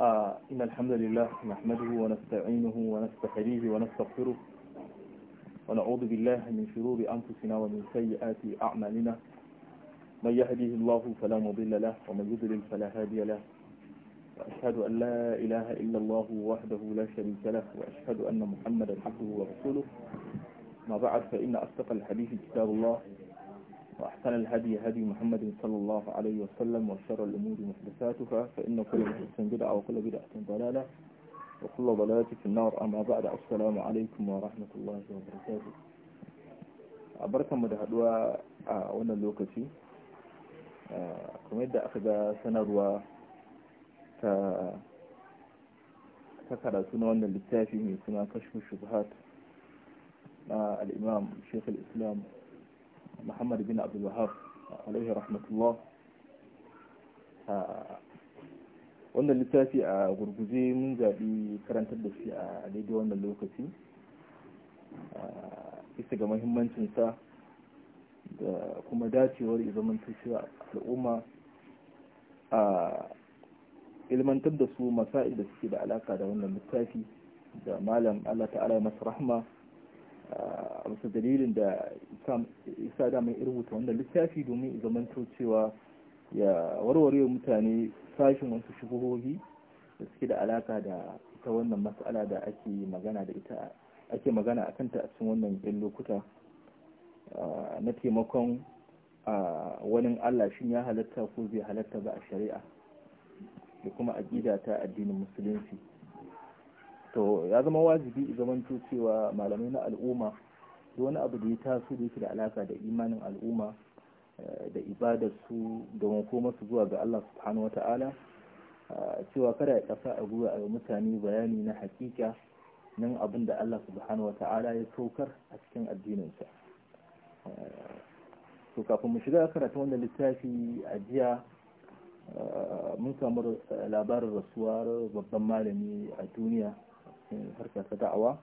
آه، إن الحمد لله نحمده ونستعينه ونستحليه ونستغفره ونعوذ بالله من شرور أنفسنا ومن سيئات أعمالنا من يهديه الله فلا مضل له ومن يضلل فلا هادي له وأشهد أن لا إله إلا الله وحده لا شريك له وأشهد أن محمدا عبده ورسوله ما بعد فإن أصدق الحديث كتاب الله وأحسن الهدي هدي محمد صلى الله عليه وسلم وشر الأمور محدثاتها فإن كل محدث بدعة وكل بدعة ضلالة وكل ضلالة في النار أما بعد السلام عليكم ورحمة الله وبركاته أبركم da haduwa a wannan lokaci kuma yadda أخذ ga sanarwa ta سنة na wannan littafi mai suna kashfin shubhat na al muhammad bin Abdulwahab wahab alaihi rahmatullah wannan littafi a gurguje mun zaɓi karantar da shi a daidai wannan lokaci bisa ga mahimmancinsa da kuma dacewar izamin tushewa al'umma a ilmantar da su masai da suke da alaka da wannan littafi da malam allah ta'ala masu rahma a wasu dalilin da isa da mai rubuta wannan littafi domin zamanto cewa ya warware mutane sashen wasu shugabobi da suke da alaka da ita wannan matsala da ake magana da ita ake magana a kanta a cikin wannan yan lokuta na taimakon wani Allah shin ya halatta ko zai halatta ba a shari'a da kuma aƙida ta addinin musulunci to ya zama wajibi zamanto cewa malamai na al'umma da wani abu da ya taso da yake da alaka da imanin al'umma eh, da ibadarsu da su zuwa ga Allah subhanahu wa ta'ala eh, cewa kada ya kasa a gwiwa a mutane bayani na hakika nan abin da Allah subhanahu wa ta'ala ya saukar a cikin addininsa eh, to kafin mu shiga karatu wannan littafi a jiya mun samu labarin rasuwar babban malami a duniya harkar ta da'awa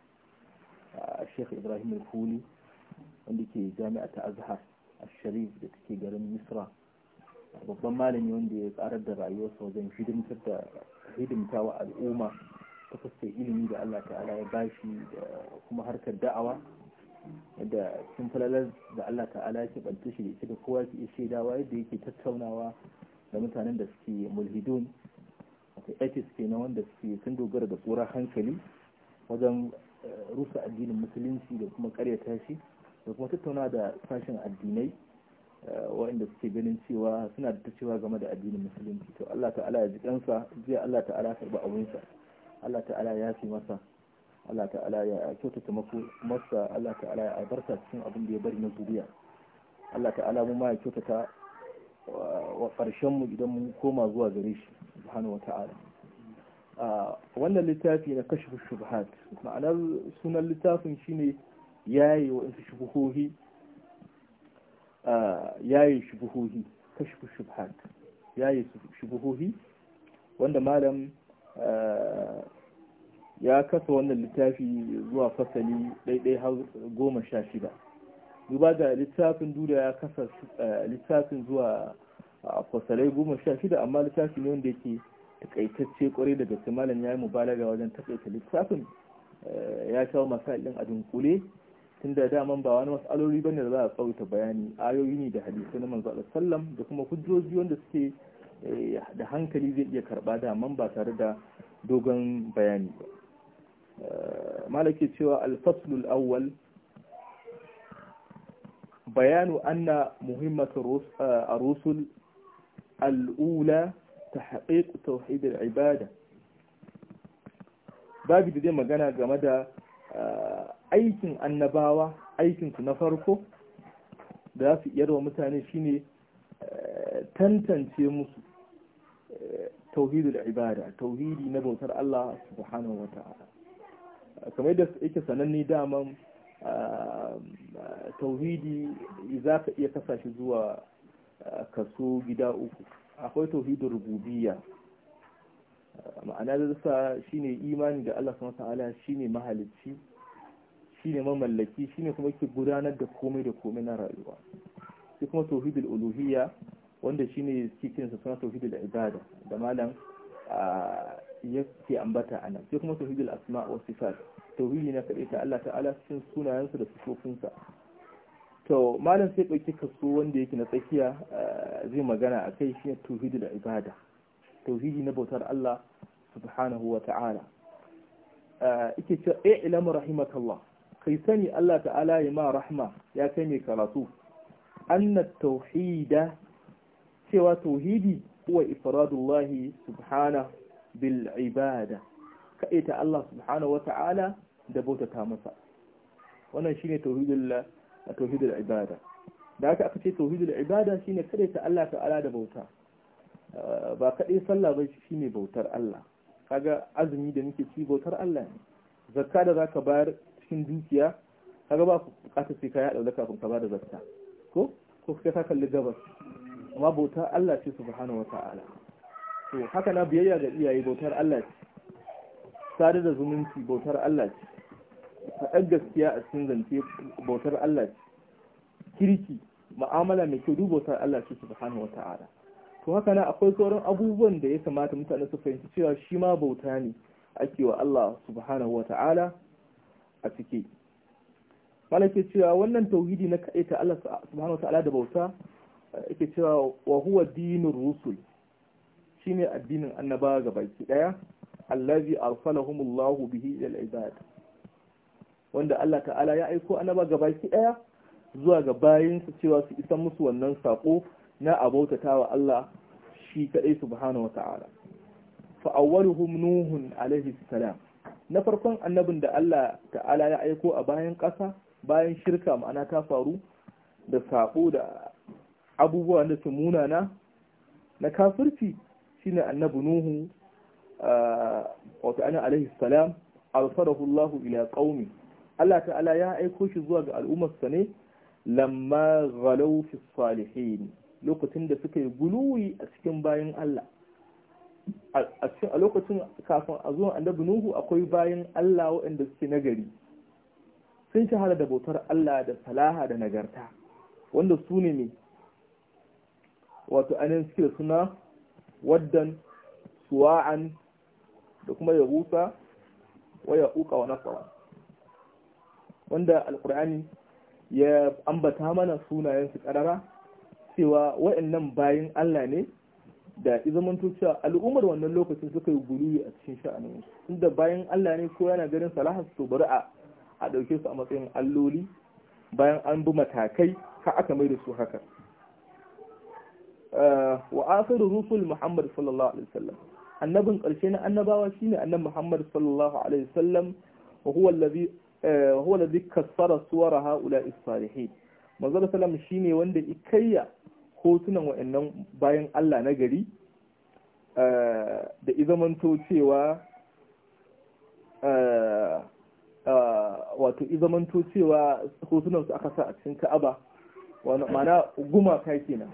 a sheikh ibrahim al-kuli wanda ke jami'a ta azhar a sharif da take garin misra babban malami wanda ya karar da rayuwarsa wajen hidimtar hidimta wa al'umma ta fuskar ilimi da allah ta'ala ya bashi da kuma harkar da'awa da sun falalar da allah ta'ala ya keɓanta shi da ita da kowa ke shaidawa yadda yake tattaunawa da mutanen da suke mulhidun ethics kenan wanda suke sun dogara da tsoron hankali wajen eh, rusa addinin musulunci da kuma karyata shi da kuma tattauna da sashen addinai eh, waɗanda suke ganin cewa suna da cewa game da addinin musulunci to Allah ta'ala ya ji kansa jiya Allah ta'ala ya karɓi abinsa Allah ta'ala ya fi masa Allah ta'ala ya kyautata masa Allah ta'ala ya albarka cikin abin da ya bari na zuriya Allah ta'ala mu ma ya kyautata wa ƙarshen mu idan mun koma zuwa gare shi subhanahu wata'ala wannan littafi na kashfu shubhat ma'anar sunan littafin shine yayi wa'ansu shubuhohi yayi shubuhohi kashfu shubhat yayi shubuhohi wanda malam ya kasa wannan littafi zuwa fasali daidai har goma sha shida duba da littafin duda ya kasa littafin zuwa a fasalai goma sha shida amma littafi ne wanda yake takaitacce kwarai da gaske malam ya yi mubalaga wajen takaita littafin eh, ya kawo haɗin a dunkule tun da daman ba wani matsaloli bane da za a tsawaita bayani ayoyi ne da hadisi na manzo a sallam da kuma hujjoji wanda suke eh, da hankali zai iya karɓa daman ba tare da dogon bayani ba eh, malaki cewa alfaslul awwal bayanu anna muhimmatu rusul al'ula ta توحيد العبادة ibada babu da zai magana game da eh, aikin annabawa aikinsu na farko da za su yarwa mutane shine eh, tantance musu eh, da ibada tauhidi na bautar Allah subhanahu wa ta'ala kamar yadda yake sananne daman tauhidi za ka iya kasa shi zuwa kaso gida uku akwai tauhidin rububiyya ma'ana da sa shine imani da Allah subhanahu wataala shine mahalicci shine mamallaki shine kuma ke gudanar da komai da komai na rayuwa sai kuma tauhidul uluhiyya wanda shine cikin sa suna tauhidul ibada da malam yake ambata anan sai kuma tauhidul asma wa sifat tauhidi na kadai ta Allah ta'ala cikin sunayensa da sifofinsa to malam sai ɗauki kaso wanda yake na tsakiya eh, zai magana a kai shi tauhidi da ibada tauhidi na bautar Allah subhanahu wa ta'ala ike eh, ce e eh, ilamu rahimakallah kai sani Allah ta'ala ya ma rahma ya kai mai karatu anna tauhida cewa tauhidi huwa ifradullahi subhanahu bil ibada kaita Allah subhanahu wa ta'ala da bautata masa wannan shine tauhidullah a tauhidul ibada da haka aka ce tauhidul ibada shine kada ta Allah ala da bauta eh, ba kadai sallah ba shine bautar Allah kaga azumi da muke ci bautar Allah ne zakka da zaka bayar cikin dukiya kaga ba bukatar sai ka ya dauka kafin ka bada zakka ko ko kai ka kalli gabas amma bautar Allah ce subhanahu wata'ala to haka na biyayya ga iyaye bautar Allah ce sadar da zumunci bautar Allah ce faɗar gaskiya a cikin zance bautar Allah kirki ma'amala mai kyau bautar Allah ce wata ara to haka na akwai sauran abubuwan da ya kamata mutane su fahimci cewa shi ma bauta ne ake wa Allah subhanahu wata'ala a ciki malaka cewa wannan tauhidi na kaɗai ta Allah subhanahu wata'ala da bauta yake cewa wa huwa dinur rusul shine addinin annabawa gabaki daya allazi arsalahumullahu bihi ila al-ibad wanda Allah ta'ala ya aiko annaba gabaki daya zuwa ga bayinsa cewa su isan musu wannan sako na abautatawa Allah shi kadai subhanahu wata'ala fa awwaluhum nuhun alaihi salam na farkon annabin da Allah ta'ala ya aiko a bayan ƙasa bayan shirka ma'ana ta faru da sako da abubuwa da su munana na kafirci shine annabi nuhu ah, wato ana alaihi salam alfarahu Allah ila qaumi Allah ta'ala ya aiko shi zuwa ga al'ummarsa ne lamma ghalau fi salihin lokacin da suka yi guluwi a cikin bayan Allah a lokacin kafin a zuwan annabi Nuhu akwai bayan Allah waɗanda suke nagari sun shahara da bautar Allah da salaha da nagarta wanda su ne ne wato ainihin suke suna waddan suwa'an da kuma yahusa wa uka wa nasara wanda alkur'ani ya ambata mana sunayensu karara cewa wa'annan bayin Allah ne da izamanto cewa al'ummar wannan lokacin suka yi guluwi a cikin sha'anin inda bayan Allah ne ko yana ganin salahar su bari a a dauke su a matsayin alloli bayan an bi matakai ka aka mai da su haka eh, wa akhiru rusul muhammad sallallahu alaihi wasallam annabin karshe na annabawa shine annabi muhammad sallallahu alaihi wasallam wa huwa allazi هو الذي كسر صور هؤلاء الصالحين manzo sallam shine wanda kaiya hotunan خوتنا bayan Allah na gari eh, da izamanto cewa eh, eh, wato cewa hotunan su aka sa a cikin Ka'aba wani mana gumaka kenan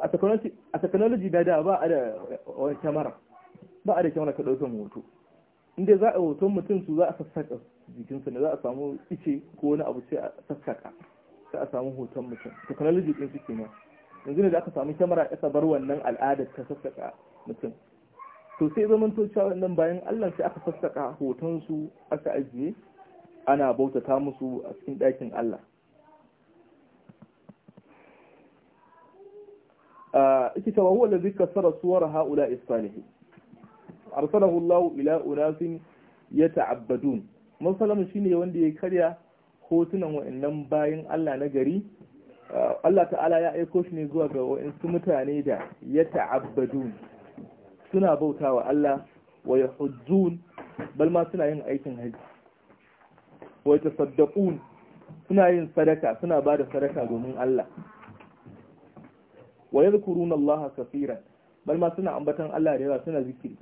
a technology na da ba a da kyamara ba a da kyamara ka ɗaukan hoto inda za a hoton mutum su za a sassaƙa jikinsa ne za a samu ice ko wani abu sai a sassaƙa sai a samu hoton mutum technology ɗin su kenan yanzu ne da aka samu kyamara ya bar wannan al'adar ta sassaƙa mutum to sai zaman to cewa wannan bayan Allah sai aka sassaƙa hoton su aka ajiye ana bautata musu a cikin ɗakin Allah ا ah, cewa huwa الذي كسر صور هؤلاء الصالحين arsalahu Allah ila unasin yata'abbadun musallamu shine wanda ya karya hotunan wa'annan bayin Allah na gari uh, Allah ta'ala ya aiko shi ne zuwa ga wa'ansu mutane da yata'abbadun suna bautawa Allah wa yahujjun bal ma suna yin aikin haji wa yatasaddaqun suna yin sadaka suna bada sadaka domin Allah wa yadhkuruna Allah kaseeran bal ma suna ambatan Allah da yawa suna zikiri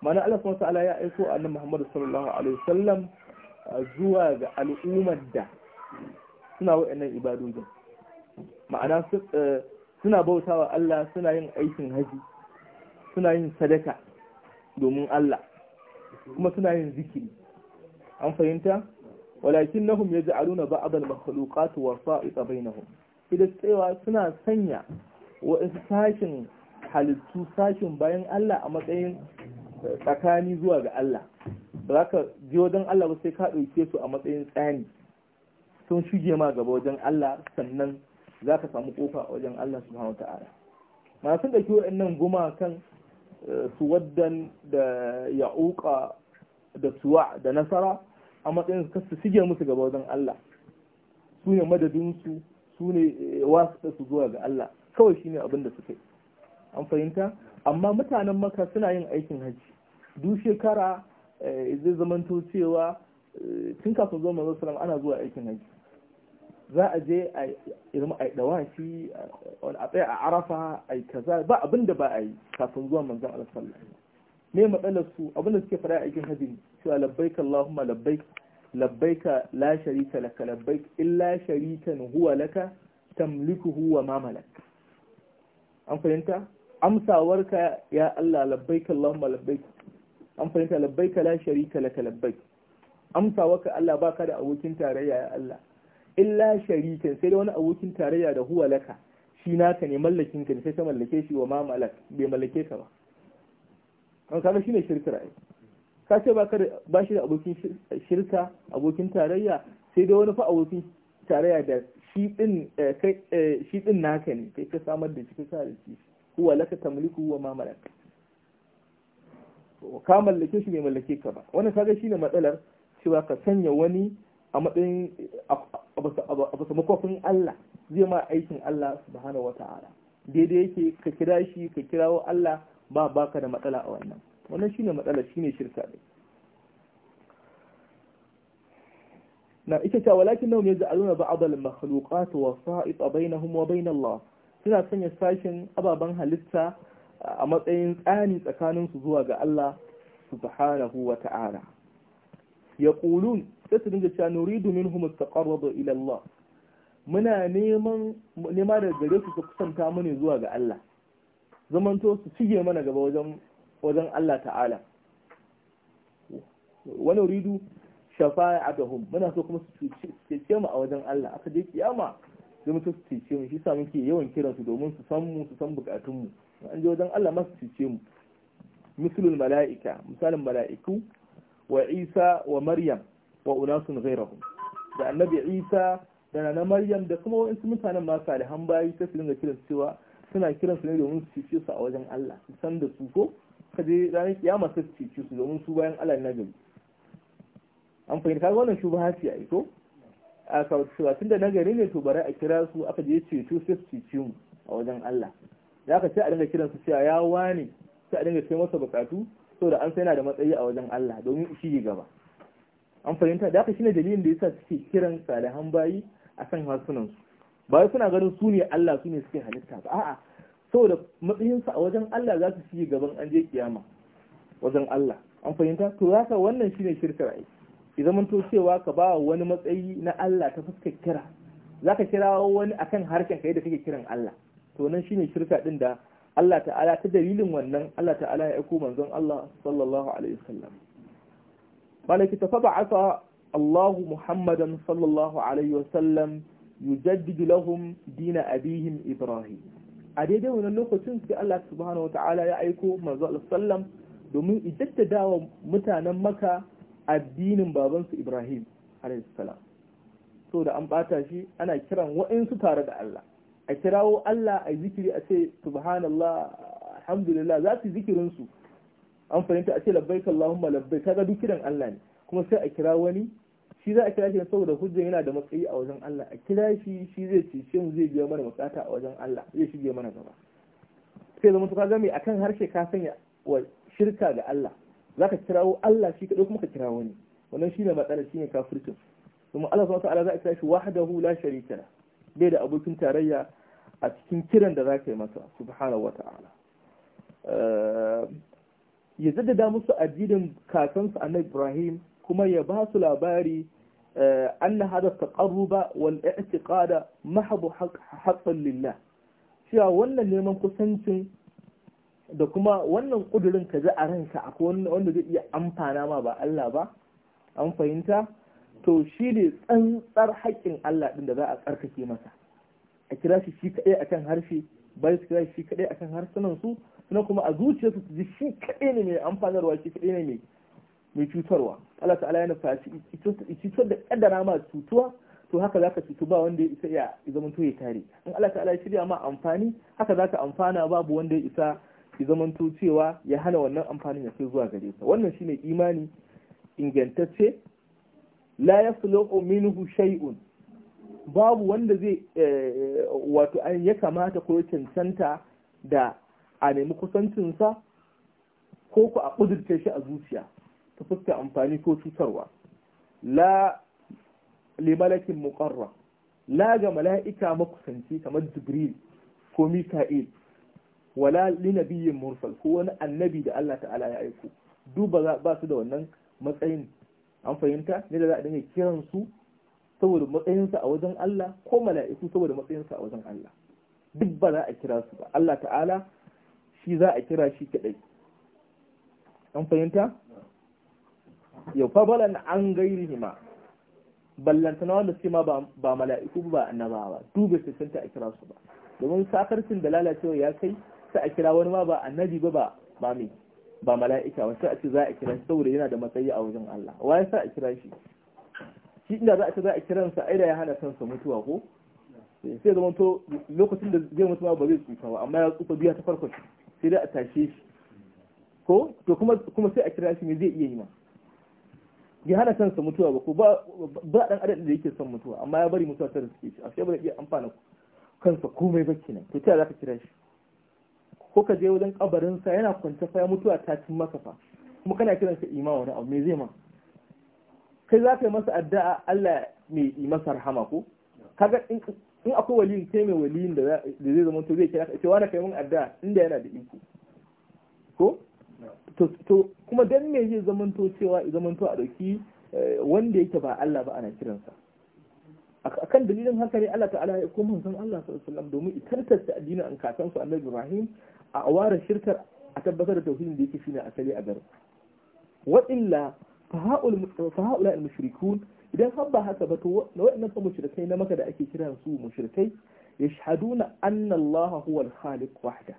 mana Allah subhanahu ta'ala ya aiko annabi Muhammad sallallahu alaihi wasallam zuwa ga al'ummar da suna wa'annan ibadojin ma'ana e, suna bautawa Allah suna yin aikin haji suna yin sadaka domin Allah kuma suna yin zikiri an fahimta walakin nahum yaj'aluna ba'd al-makhluqat wasa'ita bainahum idan cewa suna sanya wa sashin halittu sashin bayan Allah a matsayin tsakani zuwa ga Allah ba za ka je wajen Allah ba sai ka ɗauke su a matsayin tsani sun shige ma gaba wajen Allah sannan za ka samu kofa a wajen Allah hau ta'ala masu ɗauki waɗannan gumakan eh, su waddan da ya'uka da suwa da nasara a matsayin su shige musu gaba wajen Allah su ne madadinsu su ne eh, wasu su zuwa ga Allah kawai shine abin da suka yi an fahimta amma mutanen maka suna yin aikin hajji duk shekara eh, zai zamanto cewa eh, tun kafin zuwa manzo Salam ana zuwa aikin haji za a je a irma a dawashi a tsaya a arafa a yi kaza ba abin da ba a yi kafin zuwa manzo Salam. me matsalar su abin da suke fara aikin hajji ne cewa labbaik allahumma labbaik labbaika la sharika laka labbaik illa sharikan huwa laka tamlikuhu wa ma malak an fahimta amsawarka ya Allah labbaik Allahumma labbaik an fahimta ka la sharika laka labbai amsa waka Allah baka da abokin tarayya ya Allah illa sharikan sai da wani abokin tarayya da huwa laka shi naka ne mallakin ka ne sai ka mallake shi wa ma malak bai mallake ka ba an kana shine shirka ra'ayi ka ce baka da bashi da abokin shirka abokin tarayya sai da wani fa abokin tarayya da shi din eh, kai eh, shi din naka ne kai ka samar da shi ka sa da shi huwa laka tamliku wa ma malak ka mallake shi bai mallake ka ba wannan kaga shine matsalar cewa ka sanya wani a matsayin makofin Allah zai ma aikin Allah subhanahu wata'ala daidai yake ka kira shi ka kirawo Allah ba baka da matsala a wannan wannan shine matsalar shine shirka ne na ita ta walakin nahum yaj'aluna ba'd al-makhluqat wasa'ita bainahum wa bain Allah suna sanya sashin ababan halitta a matsayin tsani tsakaninsu zuwa ga Allah subhanahu wa ta'ala ya ƙulun sai su dinga cewa nuridu min humus ta ƙarwado ilallah muna nema da gare su su kusanta mani zuwa ga Allah zamanto su cige mana gaba wajen Allah ta'ala wani ridu shafa'a adahum muna so kuma su cece mu a wajen Allah aka je kiyama zamanto su cece mu shi sa muke yawan kiransu domin su san mu su san bukatunmu an je wajen Allah masu cice mu mislul mala'ika misalin mala'iku wa Isa wa Maryam wa unasun ghairahum da annabi Isa da nana Maryam da kuma wa'insu mutanen ma salihan bayi sai su dinga kiran cewa suna kiran su ne domin su cice su a wajen Allah su san da su ko kaje ranar kiyama sai su su domin su bayan Allah na gari an fahimta kaga wannan shubha ce a ko a tun cewa tunda nagari ne to bari a kira su aka je ceto sai su cice mu a wajen Allah ya ka ce a dinga kiransu cewa ya wani sai a dinga ce masa bukatu da an sai yana da matsayi a wajen Allah domin shi gaba an fahimta da haka shine dalilin da yasa suke kiran salihan bayi akan harsunan su bayi suna ganin su ne Allah su ne suke halitta ba a'a saboda matsayin su a wajen Allah za su ci gaban an je kiyama wajen Allah an fahimta to haka wannan shine shirka rai idan mun to cewa ka ba wani matsayi na Allah ta fuskar kira zaka kira wani akan harshen kai da kake kiran Allah to nan shine shirka din da Allah ta'ala ta dalilin wannan Allah ta'ala ya aiko manzon Allah sallallahu alaihi wasallam malaki ta faba'atha Allah Muhammadan sallallahu alaihi wasallam yujaddidu lahum din abihim Ibrahim a daidai wannan lokacin sai Allah subhanahu wata'ala ya aiko manzon Allah sallam domin ijaddadawa mutanen Makka addinin babansu Ibrahim alaihi salam so da an bata shi ana kiran waɗansu tare da Allah a kirawo Allah a zikiri a ce subhanallah alhamdulillah za su zikirin su an fahimta a ce labbaik Allahumma labbaik kaga duk kiran Allah ne kuma sai a kira wani shi za a kira shi saboda hujjan yana da matsayi a wajen Allah a kira shi shi zai cece mu zai biya mana bukata a wajen Allah zai biya mana gaba sai zama ka game akan harshe ka sanya wa shirka ga Allah zaka kirawo Allah shi kadai kuma ka kira wani wannan shine matsalar shine kafircin kuma Allah subhanahu wa ta'ala za a kira shi wahdahu la sharika bai da abokin tarayya a cikin kiran da za ka yi masa subhanahu ta'ala eh, ya jaddada musu addinin kakansu annabi Ibrahim kuma ya ba su labari eh, anna hada taqarruba wal i'tiqada mahabu haqqan lillah cewa wannan neman kusancin da kuma wannan kudurin ka ji a ranka akwai wanda zai iya amfana ma ba Allah ba an fahimta to shi ne tsantsar haƙƙin Allah ɗin da za a tsarkake masa a kira shi shi kaɗai kan harshe bari su kira shi kaɗai akan harsunan su suna kuma a zuciyarsu su ji shi kaɗai ne mai amfanarwa shi kaɗai ne mai cutarwa Allah ta'ala yana fashi cutar da kaddara ma cutuwa to haka za ka cutu ba wanda ya isa ya zamanto ya tare in Allah ta'ala ya shirya ma amfani haka za ka amfana babu wanda ya isa ya zamanto cewa ya hana wannan amfanin ya kai zuwa gare ka wannan shine imani ingantacce la yasluqu minhu shay'un babu wanda zai eh, wato an ya kamata ko cancanta da a nemi kusancinsa ko ku a ƙudurce shi a zuciya ta fuska amfani ko cutarwa la limalakin muƙarra la ga mala'ika makusanci kamar jibril ko mika'il wala linabiyin mursal ko wani annabi da Allah ta'ala ya aiko duba ba su da wannan matsayin an fahimta ne da za a dinga kiransu saboda matsayinsa a wajen Allah ko mala'iku saboda matsayinsa a wajen Allah duk ba za a kira su ba Allah ta'ala shi za a kira shi kadai an fahimta yau balan an ballanta na wanda suke ma ba mala'iku ba annabawa dubi su sun ta a kira su ba domin sakarcin da lalacewa ya kai sai a kira wani ma ba annabi ba ba mami ba mala'ika wata a ce za a kira shi saboda yana da matsayi a wajen Allah wa ya sa a kira shi shi inda za a ce za a sa aida ya hana kansa mutuwa ko sai zama to lokacin da zai mutu ba zai tsufa ba amma ya tsufa biya ta farko sai dai a tashe shi ko to kuma kuma sai a kira shi me zai iya yi ma ya hana kansa mutuwa ba ko ba dan adadin da yake son mutuwa amma ya bari mutuwa ta riske shi a ba zai iya amfana kansa komai ba kenan to ta ka kira shi ko ka je wajen kabarin sa yana kwance fa ya mutuwa ta cin maka fa kuma kana kiran sa imama wani abu me zai ma kai za ka yi masa addu'a Allah mai yi masa rahama ko kaga in akwai waliyin sai mai waliyin da zai zama to zai kira ka cewa na kai mun addu'a inda yana da iko ko to kuma dan me zai zama to cewa zama to a dauki eh, wanda yake ba Allah ba ana kiransa akan dalilin haka ne Allah ta'ala ya kuma san Allah sallallahu alaihi wasallam domin itartar ta addinin an kasan su Annabi Ibrahim a awara shirkar a tabbatar da tauhidin da yake shine asali a garin wa illa faha'ula al-mushrikun idan har ba haka ba to waɗannan fa mushrikai na maka da ake kira su mushrikai yashhaduna anna Allah huwa al-khaliq wahda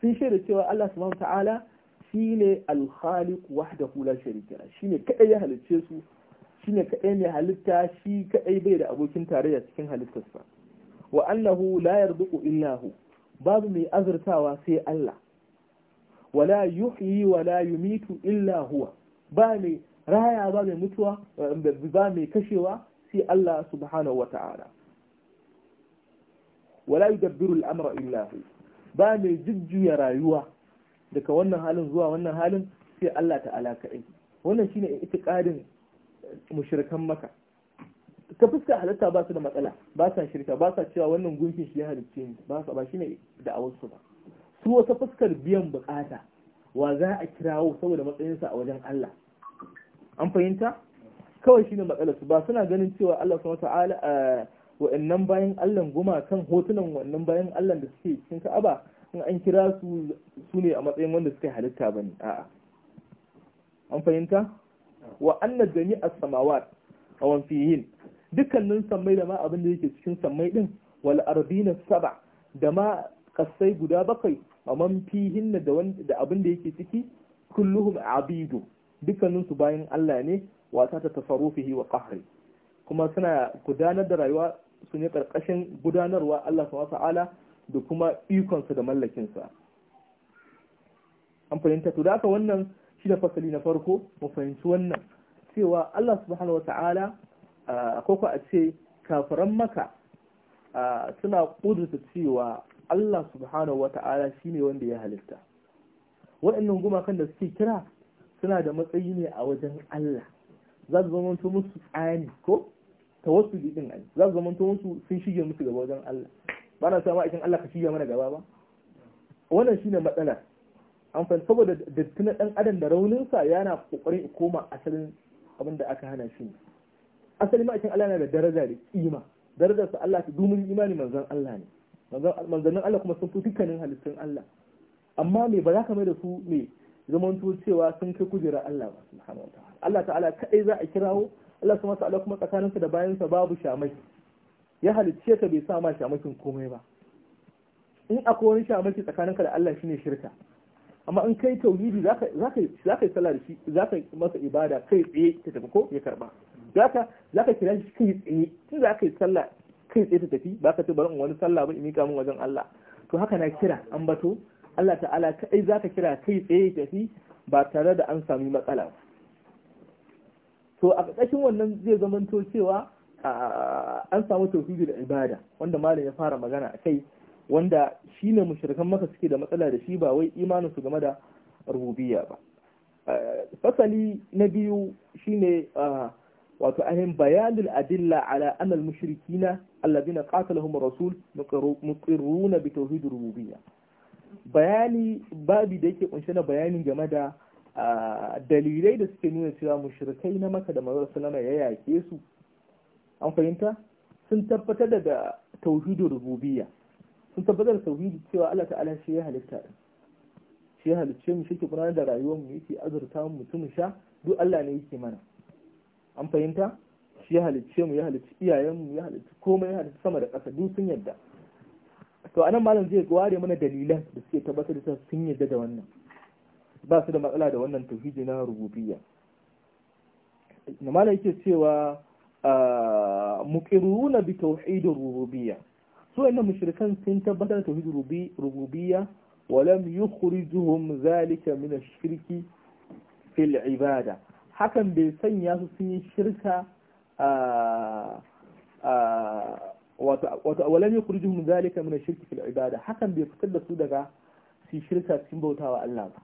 sun shaida cewa Allah subhanahu ta'ala shine al-khaliq wahdahu la sharika la shine kadai ya halicce su shine kadai ne halitta shi kadai bai da abokin tarayya cikin halittarsa wa annahu la yarduqu illa hu babu mai azurtawa sai Allah wala yuhyi wala yumitu illa huwa ba mai raya ba mai mutuwa ba mai kashewa sai Allah subhanahu wa ta'ala wala yudabbiru al'amra illa hu ba mai jujjuya rayuwa daga wannan halin zuwa wannan halin sai Allah ta'ala kaɗai wannan shine itiqadin mushrikan maka Ka fuska halatta ba su da matsala ba sa shirka ba sa cewa wannan gunkin shi ya halicce ni ba sa ba shine da awansu ba su wata fuskar biyan bukata wa za a kirawo saboda matsayinsa a wajen Allah an fahimta kawai shine matsalar su ba suna ganin cewa Allah subhanahu wataala eh, wa'annan bayan Allah goma kan hotunan wannan bayan Allah da suke cikin Ka'aba in an kira su sune a matsayin wanda suka halitta bane a'a an fahimta wa anna jami'a samawat awan fihin dukkanin sammai da ma abin da yake cikin sammai din wal ardina saba da ma kasai guda bakwai amma fihin da abin da yake ciki kulluhum abidu dukkaninsu bayan Allah ne wata ta tafarufihi wa qahri kuma suna gudanar da rayuwa su ne karkashin gudanarwa Allah subhanahu ta'ala da kuma ikonsa da mallakinsa an fahimta to da wannan shi da fasali na farko mu fahimci wannan cewa Allah subhanahu ta'ala akwai ko a ce kafiran maka suna kudurta cewa Allah subhanahu shi ne wanda ya halitta waɗannan gumakan da suke kira suna da matsayi ne a wajen Allah za su zama to musu tsani ko ta wasu din ai za su zama to musu sun shige musu gaba wajen Allah ba na sama aikin Allah ka shige mana gaba ba wannan shine matsalar an fahimta saboda dattina dan adam da rauninsa yana kokarin koma asalin abin da aka hana shi asalin ma'aikin Allah yana da daraja da kima darajar sa Allah ta dumin imani manzon Allah ne manzon Allah kuma sun fi dukkanin halittun Allah amma me ba za ka mai da su me zamanto cewa sun kai kujera Allah ba subhanahu wataala Allah ta'ala kai za a kirawo Allah subhanahu wataala kuma tsakaninsa da bayansa babu shamai, ya halicce ka bai sa ma shamakin komai ba in akwai wani shamaki tsakaninka da Allah shine shirka amma in kai tauhidi zaka zaka yi sallah da shi zaka masa ibada kai tsaye ta tafi ko ya karba zaka zaka kira shi kai tsaye tun zaka yi sallah kai tsaye ta tafi ba ka ce bari in wani sallah ba in mika min wajen Allah to haka na kira an bato Allah ta'ala kai za kira kai tsaye tafi ba tare da an sami matsala ba to a ƙarƙashin wannan zai zamanto cewa an samu tauhidi da ibada wanda malam ya fara magana a kai wanda shine mushrikan maka suke da matsala da shi ba wai imanin su game da rububiyya ba fasali na biyu shine wato ahin bayanul adilla ala anal mushrikina alladhina qatalahum rasul muqirruna bi tauhidir rububiyya bayani babi da yake kunshe na bayani game da dalilai da suke nuna cewa mushrikai na maka da mazar salama ya yake su an fahimta sun tabbatar da tauhidin rububiyya sun tabbatar da tauhidi cewa Allah ta'ala shi ya halitta shi ya halicce mu shi ke gudanar da rayuwar mu yake azurta mu mutum sha duk Allah ne yake mana an fahimta shi ya halicce mu ya halicci iyayen mu ya halicci komai ya halicci sama da ƙasa duk sun yadda to anan malam zai ware mana dalilan da suke tabbatar da sun yadda da wannan ba su da matsala da wannan tauhidi na rububiyya na malam yake cewa muqiruna bi tauhid rububiyya su wannan mushrikan sun tabbatar da tauhid rububiyya wa lam ولم يخرجهم ذلك من الشرك في ibada hakan bai sanya su sun yi shirka a wato awalam yukhrijuhum min zalika mana ash-shirki fil ibada hakan bai fitar da su daga su shirka cikin bautawa Allah ba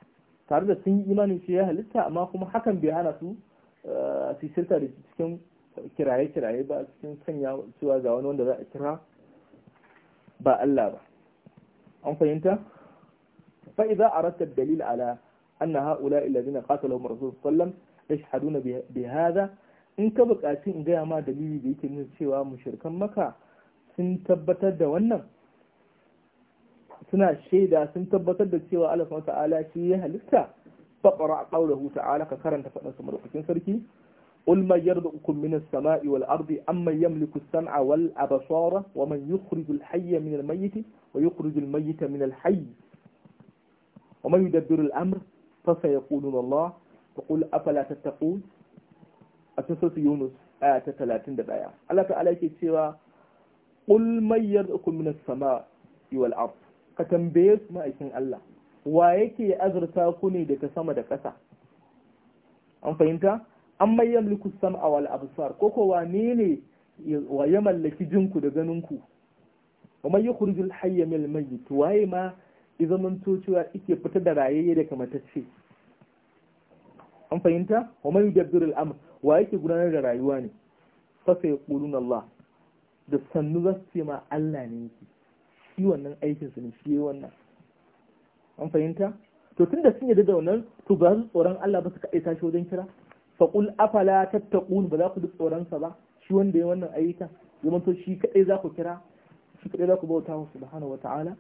tare da sun yi imanin shi ya halitta amma kuma hakan bai hana su eh, su shirka da cikin kiraye-kiraye ba cikin sanya cewa ga wani wanda za a kira ba Allah ba an fahimta fa idza aratta dalil ala anna haula alladhina qatalahum rasul sallam yashhaduna bi hadha in ka buƙaci in gaya ma dalili da yake nuna cewa mushrikan maka sun tabbatar da wannan suna shaida sun tabbatar da cewa Allah subhanahu ta'ala shi ya halitta faqra qawluhu ta'ala ka karanta fadan sa madaukakin sarki qul man yarzuqukum minas sama'i wal ardi amma yamliku as-sam'a wal absara wa man yukhriju al-hayya min al-mayyit wa yukhriju al-mayyita min al-hayy wa man yudabbiru al-amr fa sayaquluna Allah فقل أفلا تتقون أتسس يونس آية 31 Allah ta'ala yake cewa qul may yarzuqukum minas sama'i wal ard ka tambaye su ma'aikin Allah wa yake azurta ku ne daga sama da ƙasa an fahimta an may yamliku sam'a awal absar ko ko wane ne wa ya mallaki jinku da ganinku wa may yukhrijul hayya minal mayyit waye ma izamin cewa ike fita da rayayye daga matacce an fahimta wa may yudabbiru al-amr wa yake gudanar da rayuwa ne fa ya yaquluna Allah da sannu za su ce ma Allah ne yake shi wannan aikin su ne shi wannan an fahimta to tun da sun yarda da wannan to ba su tsoron Allah ba su kaɗai tashi wajen kira fa faƙul afala tattaqun ba za ku duk tsoron sa ba shi wanda ya wannan ayyuka zaman to shi kaɗai za ku kira shi kaɗai za ku bauta wa subhanahu wata'ala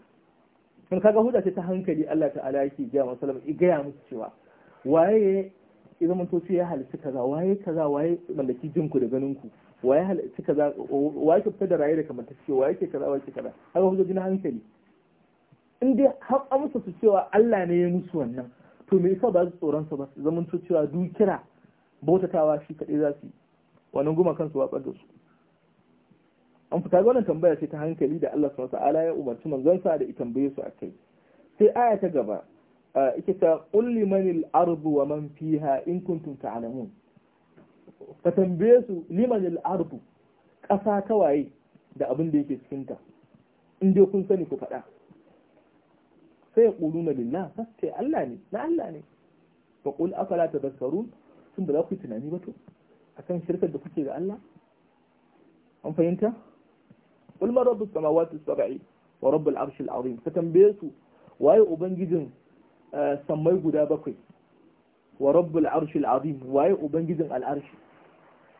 kun kaga huda ce ta hankali Allah ta'ala yake ga wa sallama i gaya musu cewa waye ya zama to sai ya halitta kaza waye kaza waye mallaki jin ku da ganin ku waye halitta kaza waye ke fitar da raye da kamar ta ce waye ke kaza waye ke kaza haka hujjoji na hankali in dai har amsa su cewa Allah ne ya musu wannan to me yasa ba su tsoron sa ba zaman to cewa dukira bautatawa shi kade za su yi wannan goma kansu ba da su an fita ga wannan tambaya ce ta hankali da Allah subhanahu wa ta'ala ya umarci manzon sa da itambaye su akai sai aya ta gaba ikita kulli manil ardu wa man fiha in kuntum ta'lamun ka tambaye su limanil ardu ƙasa ta waye da abin da yake cikin ta in dai kun sani ku faɗa sai ya ƙulu na lillah sai Allah ne na Allah ne Ba fa qul afala tadhakkarun sun ba za ku yi tunani ba to A kan shirkar da kuke ga Allah an fahimta qul ma rabbus samawati sab'i wa rabbul arshil azim ka tambaye su waye ubangijin sammai guda bakwai wa rabbul arshil azim waye ubangijin al'arshi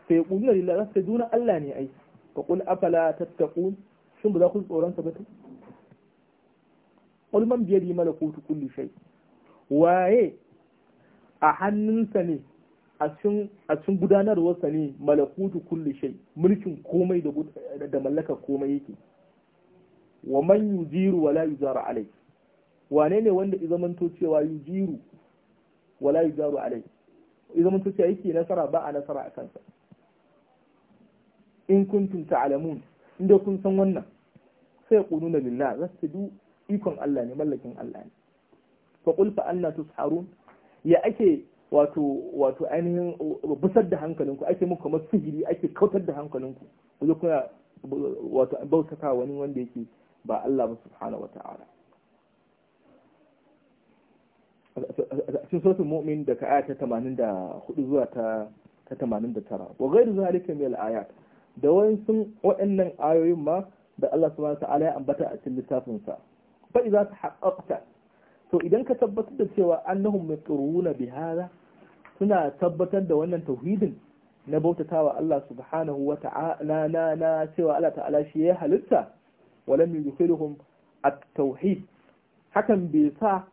fa yaquluna lillahi duna Allah ne ai fa qul afala tattaqun shin ba za ku tsoron sa ba to qul man biyadi malakutu kulli shay waye a hannunsa ne a cikin gudanarwarsa ne malakutu kulli shay mulkin komai da mallakar komai yake wa man yujiru wala yuzara alayhi wane ne wanda izamanto cewa jiru wala jaru alai izamanto cewa yake nasara ba a nasara a kansa in kuntum ta'lamun inda kun san wannan sai lilla lillah su du ikon Allah ne mallakin Allah ne fa qul fa anna tusharun ya ake wato wato ainihin uh, busar da hankalinku ake muku kamar sihiri ake kautar da hankalinku ku kuna wato bautaka wani wanda yake ba Allah ba subhanahu wata'ala cikin sautin mu'min daga aya ta 84 zuwa ta 89 wa gairu zalika min al-ayat da wayansu waɗannan ayoyin ma da Allah subhanahu ta ala ya ambata a cikin littafin sa fa idza tahaqqaqta to idan ka tabbatar da cewa annahum yaqruna bi hada suna tabbatar da wannan tauhidin na bautata wa Allah subhanahu wa ta'ala na na cewa Allah ta'ala shi ya halitta walam yudkhiluhum at-tauhid hakan bai sa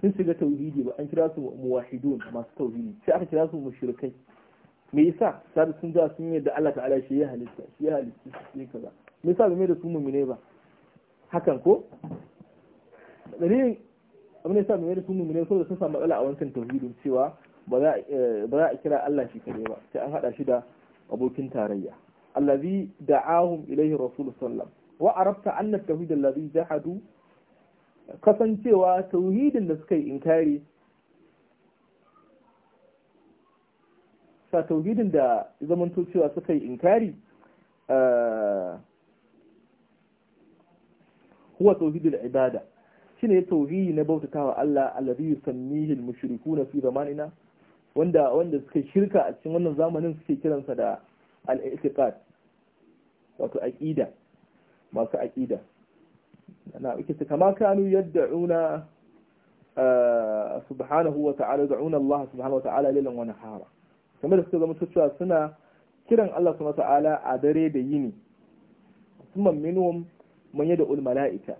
sun shiga tauhidi ba an kira su muwahidun masu tauhidi sai aka kira su mushrikai me yasa sai sun ga sun yadda Allah ta'ala shi ya halitta shi ya halitta shi kaza me yasa game da su mu'mine ba hakan ko dalilin abin da yasa game da su mu'mine saboda sun samu matsala a wancan tauhidin cewa ba za a eh, kira Allah shi kadai ba sai an hada shi da abokin tarayya allazi da'ahum ilayhi rasulullahi wa arabta anna at-tauhid allazi jahadu kasancewa tauhidin da suka yi inkari sa tauhidin da zamanto cewa suka yi inkari eh, huwa tauhidul ibada shine tauhidi na bautata wa Allah alladhi yusammihi al-mushrikuuna fi zamanina wanda wanda suka shirka a cikin wannan zamanin suke kiransa da al-i'tiqad wato aqida masu aqida na su kama kanu yadda una subhanahu wa ta'ala da'una Allah subhanahu wa ta'ala lilan wa nahara kamar da suka zama cewa suna kiran Allah subhanahu wa ta'ala a dare da yini kuma minhum man da mala'ika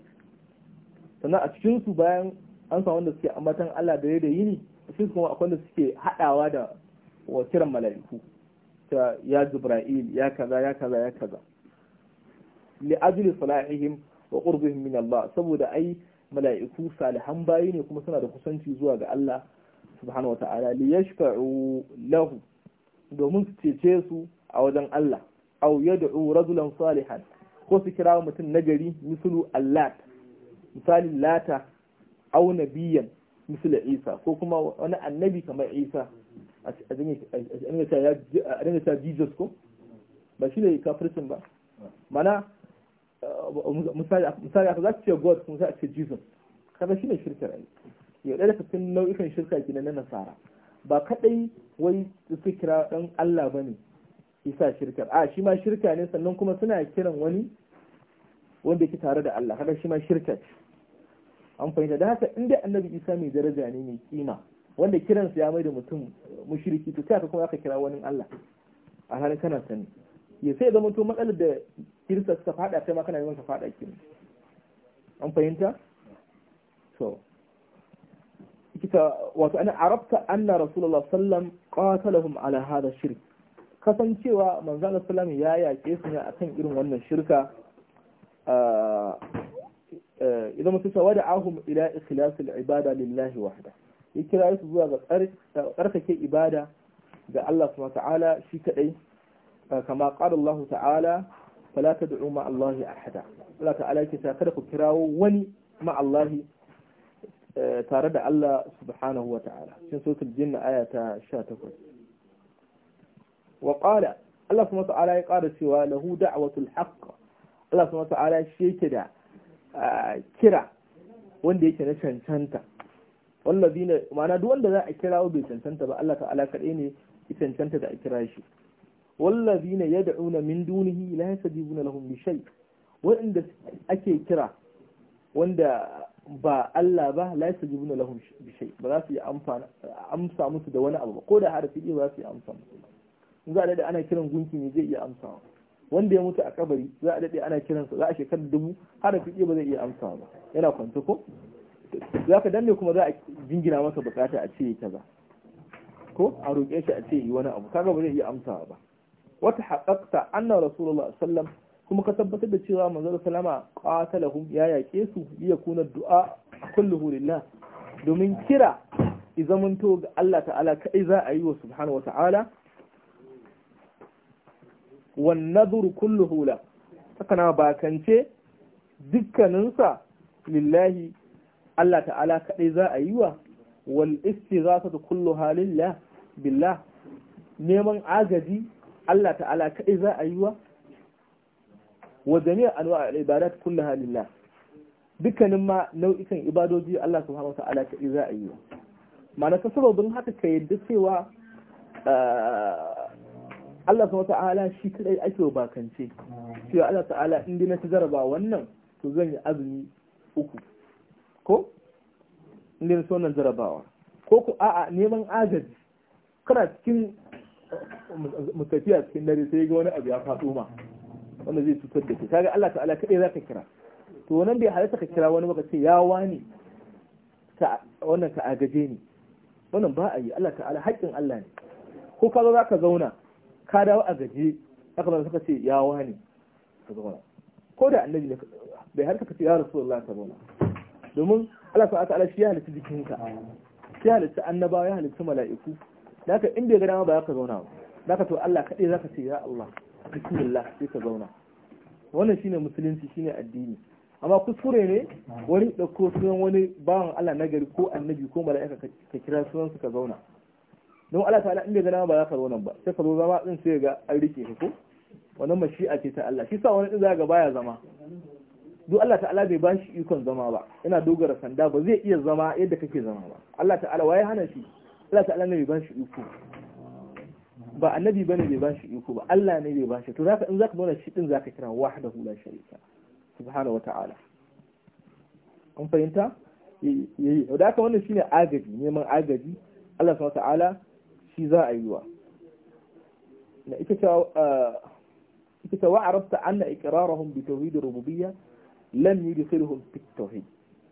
sannan a cikin su bayan an samu wanda suke ambatan Allah dare da yini sai kuma akwai wanda suke haɗawa da wa kiran mala'iku ta ya Jibril ya kaza ya kaza ya kaza li ajli salahihim wa qurbihim min Allah saboda ai mala'iku salihan bayi ne kuma suna da kusanci zuwa ga Allah subhanahu wata'ala li yashfa'u lahu domin su cece su a wajen Allah aw yad'u rajulan salihan ko su kira mutum nagari misalu Allah misali lata aw nabiyan Isa ko kuma wani annabi kamar Isa a dinga ta Jesus ko ba shi ne kafircin ba mana misali aka za ce god kuma za a ce jesus kada shi ne shirka rai ya ɗaya daga cikin nau'ikan shirka gina na nasara ba kaɗai wai su kira ɗan allah ba ne isa shirkar a shi ma shirka ne sannan kuma suna kiran wani wanda yake tare da allah kada shi ma shirka ce an fahimta da haka inda annabi isa mai daraja ne mai kima wanda kiransa ya mai da mutum mushriki to sai kuma aka kira wani allah a halin kana sani ya sai zama to matsalar da kirsa suka fada kai ma kana neman ka fada ki an fahimta to kita wato ana arabta anna rasulullah sallam qatalahum ala hada shirk kasancewa manzo Allah sallam ya yake su ne akan irin wannan shirka idan mutum sa wada'ahum ila ikhlasil ibada lillahi wahda ya kira su zuwa ga tsarkake ibada ga Allah subhanahu wa ta'ala shi kadai kama qala Allah ta'ala fala tad'u ma Allah ahada Allah ta'ala yake ta kada ku kirawo wani ma allahi tare da Allah subhanahu wa ta'ala cikin suratul jinn aya ta sha takwas wa qala Allah kuma wa ta'ala ya ƙara cewa lahu da'watul haqq Allah subhanahu wa ta'ala shi yake da kira wanda yake na cancanta wallazina ma'ana duk wanda za a kirawo bai cancanta ba Allah ta'ala kaɗai ne ya cancanta da a kira shi wallazina yad'una min dunihi la yastajibuna lahum bi shay wanda ake kira wanda ba Allah ba la yastajibuna lahum bi shay ba za su yi amsa musu da wani abu ba ko da harfi ba za su yi amsa musu in za a dade ana kiran gunki ne zai iya amsa wanda ya mutu a kabari za a dade ana kiran sa za a shekar dubu harfi ba zai iya amsa ba yana kwanta ko za ka danne kuma za a jingina masa bukata a ce kaza ko a roƙe shi a ce yi wani abu kaga ba zai iya amsa ba wata haƙaƙta anna rasulullah sallam kuma ka tabbatar da cewa manzon sallama qatalahum ya yake su ya kuna du'a kulluhu lillah domin kira izamanto ga Allah ta'ala kai za a yi wa subhanahu wa ta'ala wan nadhur kulluhu la sakana bakance dukkaninsa lillahi Allah ta'ala kaɗai za a yi wa wal istighathatu kulluha lillah billah neman agaji Allah ta'ala kaɗai za a yi wa wa jami'a anwa al-ibadat kulla lillah dukkanin ma nau'ikan ibadoji Allah subhanahu ta'ala kaɗai za a yi wa Mana ta sababin haka ka yadda cewa ah, Allah subhanahu ta'ala shi kadai ake bakance cewa Allah ta'ala inda na na jaraba wannan to zan yi azumi uku ko inda na so wannan jarabawa ko ku a'a neman agaji kana cikin mu cikin dare sai ga wani abu ya faɗo ma wanda zai cutar da ke kaga Allah ta'ala kaɗai za ka kira to wannan bai halatta ka kira wani baka ce ya wani wannan ka agaje ni wannan ba a yi Allah ta'ala haƙƙin Allah ne ko ka zo za ka zauna ka dawo a gaje aka zama suka ce ya wani ka zauna ko da annabi ne. bai har ka ce ya rasulullah ta zauna domin Allah ta'ala shi ya halitta jikinka shi ya halitta annabawa ya halitta mala'iku da inda ya ga dama ba ya ka zauna ba da to Allah kaɗai za ka ce ya Allah bismillah sai ka zauna wannan shine musulunci shine addini amma kuskure ne wani ɗauko sunan wani bawan Allah nagari ko annabi ko mala'ika ka kira sunan su ka zauna don Allah ta'ala inda ga ba ya ka zauna ba sai ka zo zama din sai ga an rike ka ko wannan mashi'a ce ta Allah shi sa wani din ga baya zama duk Allah ta'ala bai ba shi ikon zama ba Ina dogara sanda ba zai iya zama yadda kake zama ba Allah ta'ala waye hana shi Allah ta'ala ne bai ba shi iko ba annabi bane bai ba shi iko ba Allah ne bai ba shi to zaka in zaka nuna shi din zaka kira wahdahu la sharika subhanahu wa ta'ala an fahimta yayi da haka wannan shine agaji neman agaji Allah subhanahu wa ta'ala shi za a yi wa na ita ta ah, ita ta wa'arabta anna iqrarahum bi tauhid rububiyya lam yudkhiluhum fi tauhid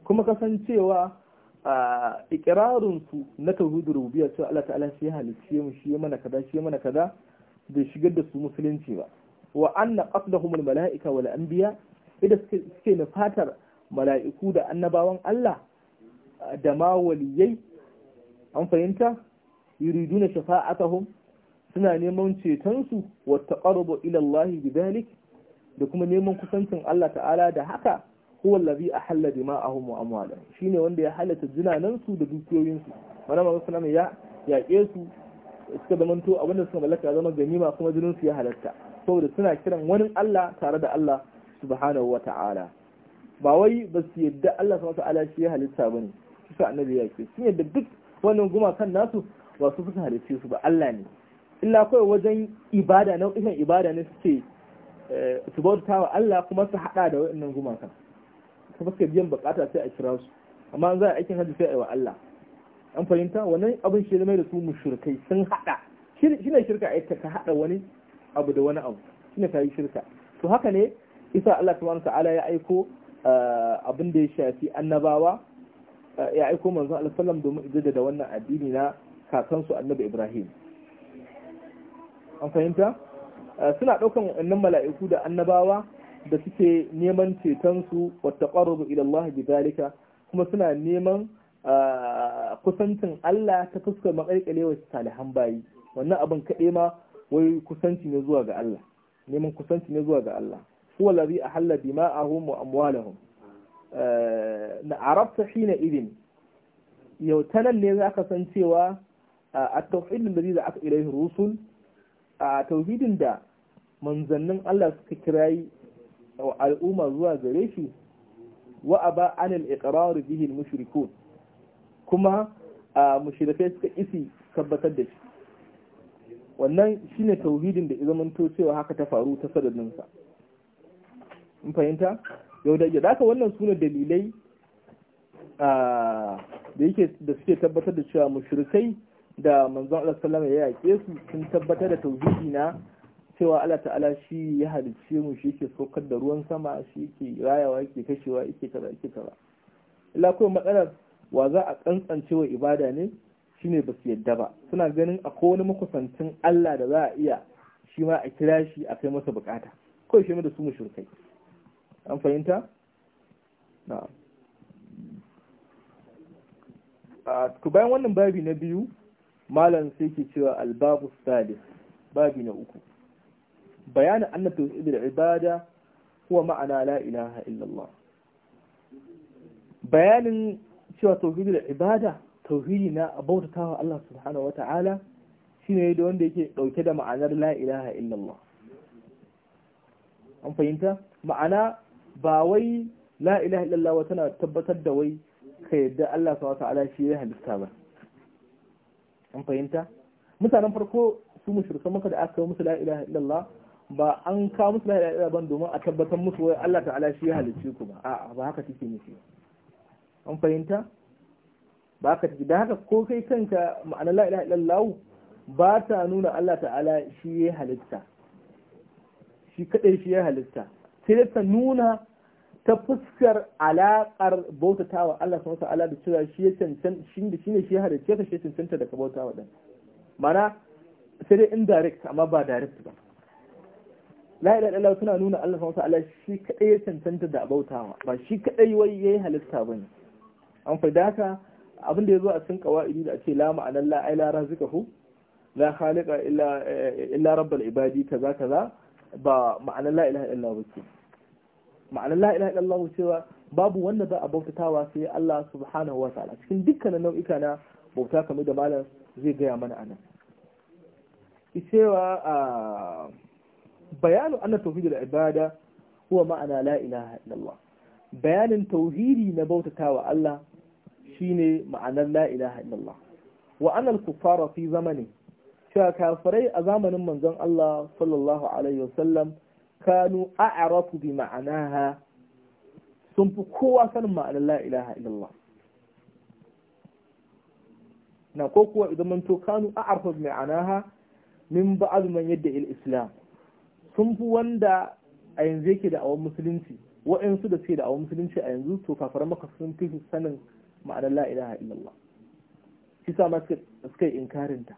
kuma kasancewa a ikirarinsu na tauhidu rububiyya cewa Allah ta'ala shi ya halicci mu shi ya mana kaza shi ya mana kaza bai shigar da su musulunci ba wa anna qatlahum al mala'ika wal anbiya idan suke na fatar mala'iku da annabawan Allah da ma waliyai an fahimta yuriduna shafa'atahum suna neman cetonsu wa taqarrubu ila Allah bidalik da kuma neman kusancin Allah ta'ala da haka huwa allazi ahalla dima'ahum wa amwalahum shine wanda ya halatta jinanan su da dukiyoyin su manama sunan ya yaƙe su suka zamanto a suka mallaka zama ganima kuma jinin su ya halatta saboda suna kiran wani Allah tare da Allah subhanahu wa ta'ala ba wai ba su yadda Allah subhanahu wa ta'ala shi ya halitta bane shi sa annabi ya ce sun yadda duk wannan gumakan nasu ba su suka halitta su ba Allah ne illa kawai wajen ibada nau'ikan ibada ne suke su bauta wa Allah kuma su hada da waɗannan gumakan ta fuska biyan bukata sai a kira su amma an za a aikin hajji sai a yi wa Allah an fahimta wannan abin shi mai da su mushrikai sun hada Shi ne shirka ai ka hada wani abu da wani abu ka yi shirka to haka ne isa Allah subhanahu ta'ala ya aiko eh, abin da ya shafi annabawa eh, ya aiko manzon Allah sallam domin ijada da wannan addini na kakansu annabi Ibrahim an fahimta eh, suna daukan wannan mala'iku da annabawa da suke neman ceton cetonsu wata ƙwararru ilallah bi zalika kuma suna neman kusancin Allah ta fuskar wasu salihan bayi wannan abin kaɗai ma wai kusanci ne zuwa ga Allah neman kusanci ne zuwa ga Allah huwa allazi ahalla dima'ahum wa amwalahum na arabta hina idin yau ta nan ne za ka san cewa a tauhidin da za aka ilaihi rusul a tauhidin da manzannin Allah suka kirayi al'umma zuwa gare shi wa aba anil iqrar bihi al mushrikun kuma mushrikai suka isi tabbatar da shi wannan shine tauhidin da zamanto cewa haka ta faru ta sadadin in fahimta yau da wannan suna dalilai da yake da suke tabbatar da cewa mushrikai da manzon Allah sallallahu ya yake su sun tabbatar da tauhidi na cewa Allah ta'ala shi ya halicce mu shi ke saukar da ruwan sama shi ke rayawa yake kashewa yake kaza yake kaza illa kawai matsalar wa za a kantsance wa ibada ne shine ba su yadda ba suna ganin akwai wani makusancin Allah da za a iya shi ma a kira shi a kai masa bukata kawai shi da su mushrikai an fahimta na'am ku bayan wannan babi na biyu malam sai ke cewa albabu salis babi na uku bayanin annan tauhidul ibada kuwa ma'ana la ilaha illallah bayanin cewa tauhidul ibada tauhidi na wa Allah subhanahu wata'ala shine da wanda yake dauke da ma'anar la ilaha illallah an fahimta ma'ana ba wai la ilaha illallah tana tabbatar da wai ka yadda Allah subhanahu wata'ala shi ya halitta ba an fahimta mutanen farko su mushrikan maka da aka yi musu la ilaha illallah ba an kawo musu lahira ɗaya ban domin a tabbatar musu wai Allah ta'ala shi ya halicci ku ba a'a ba haka take nufi an fahimta ba haka take da haka ko kai kanka ma'ana la ilaha illallah ba ta nuna Allah ta'ala shi ya halitta shi kadai shi ya halitta sai ta nuna ta fuskar alaƙar bautatawa Allah subhanahu ta'ala da cewa shi ya cancan shi da shi ne shi ya halitta ka shi ya cancanta da ka bautawa din ma'ana sai dai indirect amma ba direct ba la ilaha illallah suna nuna Allah subhanahu Allah shi kadai ya cancanta da bautawa ba shi kadai wai yayi halitta bane an ka abin da yazo a cikin qawaidi da ake la ma'ana la ilaha razikahu la khaliqa illa eh, illa rabbul ibadi kaza kaza ba ma'anar la ilaha illallah ce ma'anar la ilaha illallah cewa babu wanda za a bautatawa sai Allah subhanahu ta'ala cikin dukkanin nau'ika na bauta kamar da malam zai gaya mana anan cewa ah, bayanu anna tauhidul ibada huwa ma'ana la ilaha illallah bayanin tauhidi na bautatawa Allah shine ma'anar la ilaha illallah wa anna al fi zamani cewa kafirai a zamanin manzon Allah sallallahu alaihi wasallam kanu a'rafu bi ma'anaha sun fi kowa sanin ma'anar la ilaha illallah na ko kuwa idan manto kanu a'rafu bi ma'anaha min ba'd man yadda il islam sun fi wanda a yanzu yake da awon musulunci waɗansu da suke da awon musulunci a yanzu to kafar maka sun fi sanin ma'anar la a illallah shi sa ma suka yi inkarin ta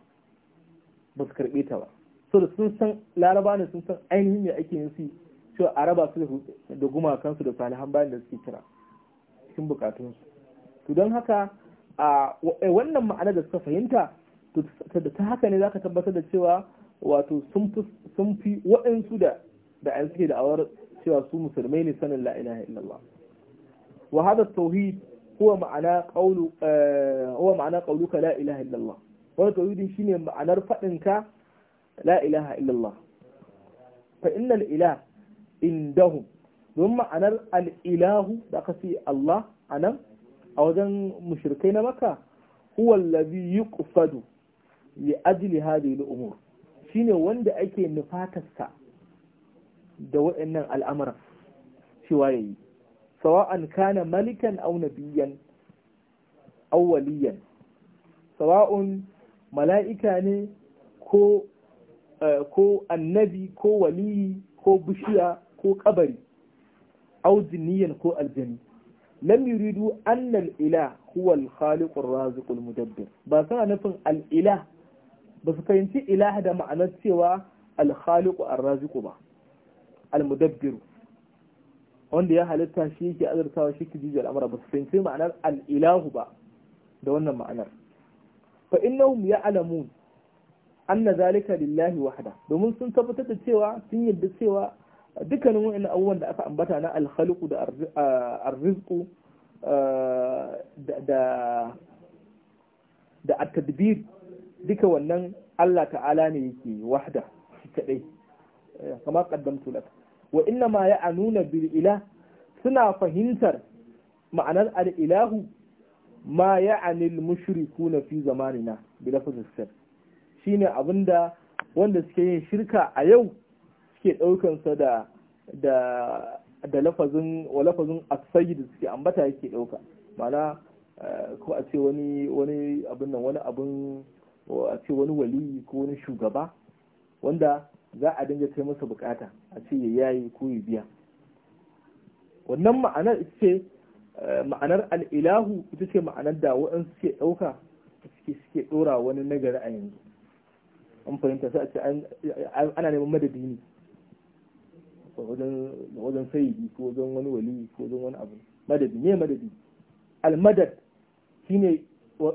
ba su karɓe ta ba so da sun san laraba ne sun san ainihin ya ake yin cewa a raba su da gumakansu da salihan bayan da suke kira cikin bukatunsu to don haka a eh, wannan ma'ana da suka fahimta to da ta haka ne zaka tabbatar da cewa wato sun fi waɗansu da da an suke da'awar cewa su musulmai ne sanin la'ilaha illallah wa hada tauhid huwa ma'ana qawlu eh, huwa ma'ana qawluka la ilaha illallah wannan tauhidin shine ma'anar fadin ka la ilaha illallah fa innal ilah indahum don ma'anar al ilahu da aka fi Allah anan a wajen mushrikai na maka huwa allazi yuqsadu li ajli hadhihi al umur shine wanda ake nufatarsa da waɗannan al'amuran cewa ya yi sawa'an kana malikan au nabiyan sawa'un mala'ika ne eh, ko annabi ko waliyi ko bishiya ko kabari au ko aljani lam yuridu anna ila huwa al-khaliq ar-raziq al-mudabbir ba sana nufin al-ila ba su fahimci ilaha da ma'anar cewa alkhaliku raziku ba almudabbiru wanda ya halitta shi yake azurtawa shi kijiji al'amura ba su fahimci ma'anar al'ilahu ba da wannan ma'anar fa innahum an na zalika lillahi wahda domin sun tabbatar da cewa sun yadda cewa dukkanin wa'in abubuwan da aka ambata na alhaliku da arzizku da da duka wannan Allah ta'ala ne yake wahda shi kadai eh, kama qaddamtu laka wa inna ma anuna bil ilah suna fahimtar ma'anar al ilahu ma anil mushriku na fi zamanina bi lafzis sir shine abinda wanda suke yin shirka a yau suke daukan sa da da da lafazin wa lafazin as suke ambata yake ɗauka. ma'ana eh, ko a ce wani wani abin nan wani abin a ce wani waliyi ko wani shugaba wanda za a dinga kai masa bukata a ce ya yayi ko ya biya wannan ma'anar ita ce eh, ma'anar al'ilahu ita ce ma'anar da waɗansu suke ɗauka suke suke ɗora wani nagari a yanzu an fahimta sai a ce ana neman madadi ne wajen sayidi ko wajen wani wali ko wajen wani abu madadi ne madadi al-madad shine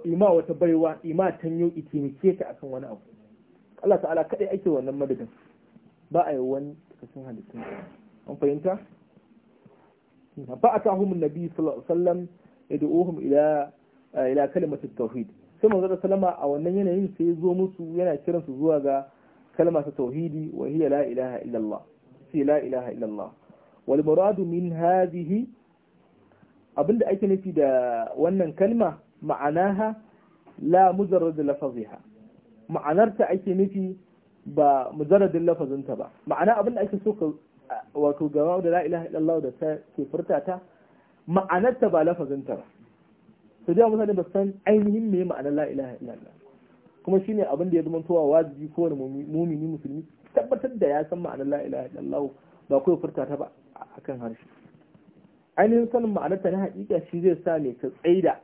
ima wata baiwa ima tanyo itimike ta akan wani abu Allah ta'ala kadai ake wannan madadin ba a yi wani cikin halittun an fahimta ba a mun nabi sallallahu alaihi wasallam yad'uhum ila eh, ila kalimatut tauhid sai manzo zata salama a wannan yanayin sai zo musu yana kiran su zuwa ga kalma ta tauhidi wa hiya la ilaha illa Allah sai la ilaha illa Allah wal muradu min hadhihi abinda ake nufi da wannan kalma ma'anaha la mujarrad lafaziha ma'anarta ake nufi ba mujarradin lafazinta ba ma'ana abin da ake so ka wato gaba da la ilaha illallah da ta ke furta ta ma'anar ta ba lafazinta ba su da mutane ba san ainihin me ma'anar la ilaha illallah kuma shine abin da ya zama towa wajibi ko wani mumini musulmi tabbatar da ya san ma'anar la ilaha illallah ba kawai furta ta ba akan harshe ainihin sanin ma'anar ta na hakika shi zai sa ne ka tsaida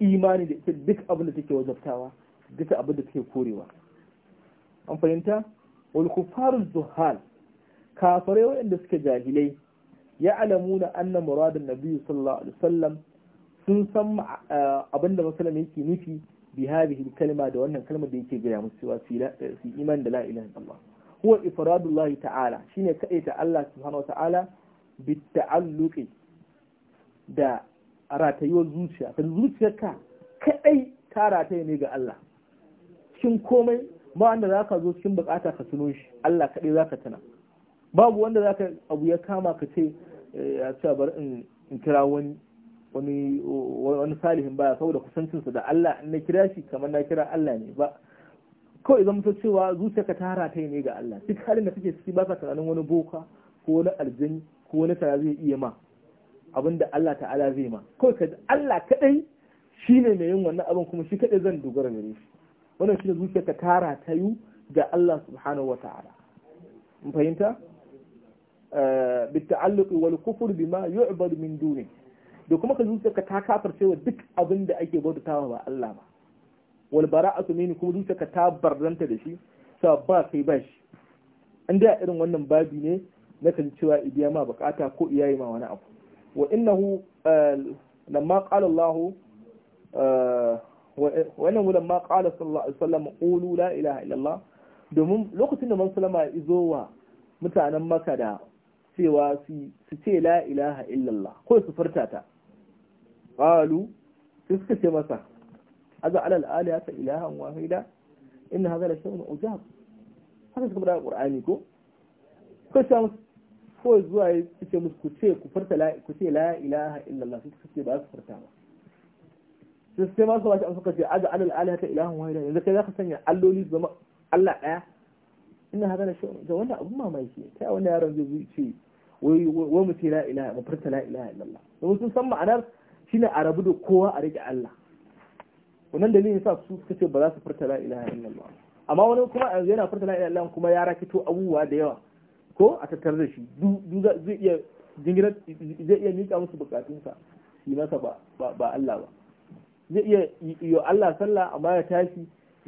imani da ita duk abin da take wajabtawa duka abin da take korewa an fahimta wal kufarul zuhal kafare waɗanda suke jahilai ya alamuna anna muradun nabi sallallahu alaihi wasallam sun san abin da musulmi yake nufi bi hadhihi kalma da wannan kalmar da yake gaya musu cewa fi iman da la ilaha illallah huwa ifradullah ta'ala shine kaita Allah subhanahu wa ta'ala bi ta'alluqi da a ratayuwar zuciya ka kadai ta rataye ne ga Allah cikin komai ba wanda za ka zo cikin bukata ka tuno shi Allah kadai za ka tuna babu wanda za ka abu ya kama ka ce ya eh, ce bar in kira wani wani salihin baya saboda kusancinsa da Allah in na kira shi kamar na kira Allah ne ba kawai zan mutu cewa zuciya zuciyarka ta rataye ne ga Allah duk halin da kake ciki ba ka tunanin wani boka ko wani aljani ko wani kaza zai iya ma abin da Allah ta'ala zai ma kawai ka Allah kadai shine mai yin wannan abin kuma shi kadai zan dogara gare shi wannan ne zuciya ta tara ta yi ga Allah subhanahu wata'ala mun fahimta eh, wal kufr bima yu'bad min duni da kuma ka ka ta wa duk abin da ake bautawa ba Allah ba wal bara'atu min kuma ka ta barzanta da shi sa ba kai ba shi an da irin wannan babi ne na kan cewa idiya ma bukata ko iyaye ma wani abu Eh, eh, wa innahu lamma qala Allah wa innahu lamma la ilaha illallah domin lokacin da man sallama ya izo wa mutanen maka da cewa su ce la ilaha illallah ko su furta ta qalu su suka ce masa aza alal alihata ilahan wahida inna hadha la shay'un ujab haka suka bada qur'ani ko ko ko zuwa ya ce musu ku ce ku furta ku ce la ilaha illallah su ce ba su furta ba su sai ma su ba shi an suka ce aja alal alaha ta ilahan wahida yanzu kai zaka sanya alloli zama Allah daya ina hada da shi da wanda abun mamaki kai wanda yaron zai ce wai wai mu ce la ilaha mu furta la ilaha illallah to sun san ma'anar shine a rabu da kowa a rike Allah wannan dalilin yasa su suka ce ba za su furta la ilaha illallah amma wani kuma yanzu yana furta la ilaha illallah kuma ya rakito abubuwa da yawa ko a tattare da shi zai iya jingirar zai iya miƙa musu bukatunsa shi masa ba Allah ba zai iya yi Allah sallah amma ya tashi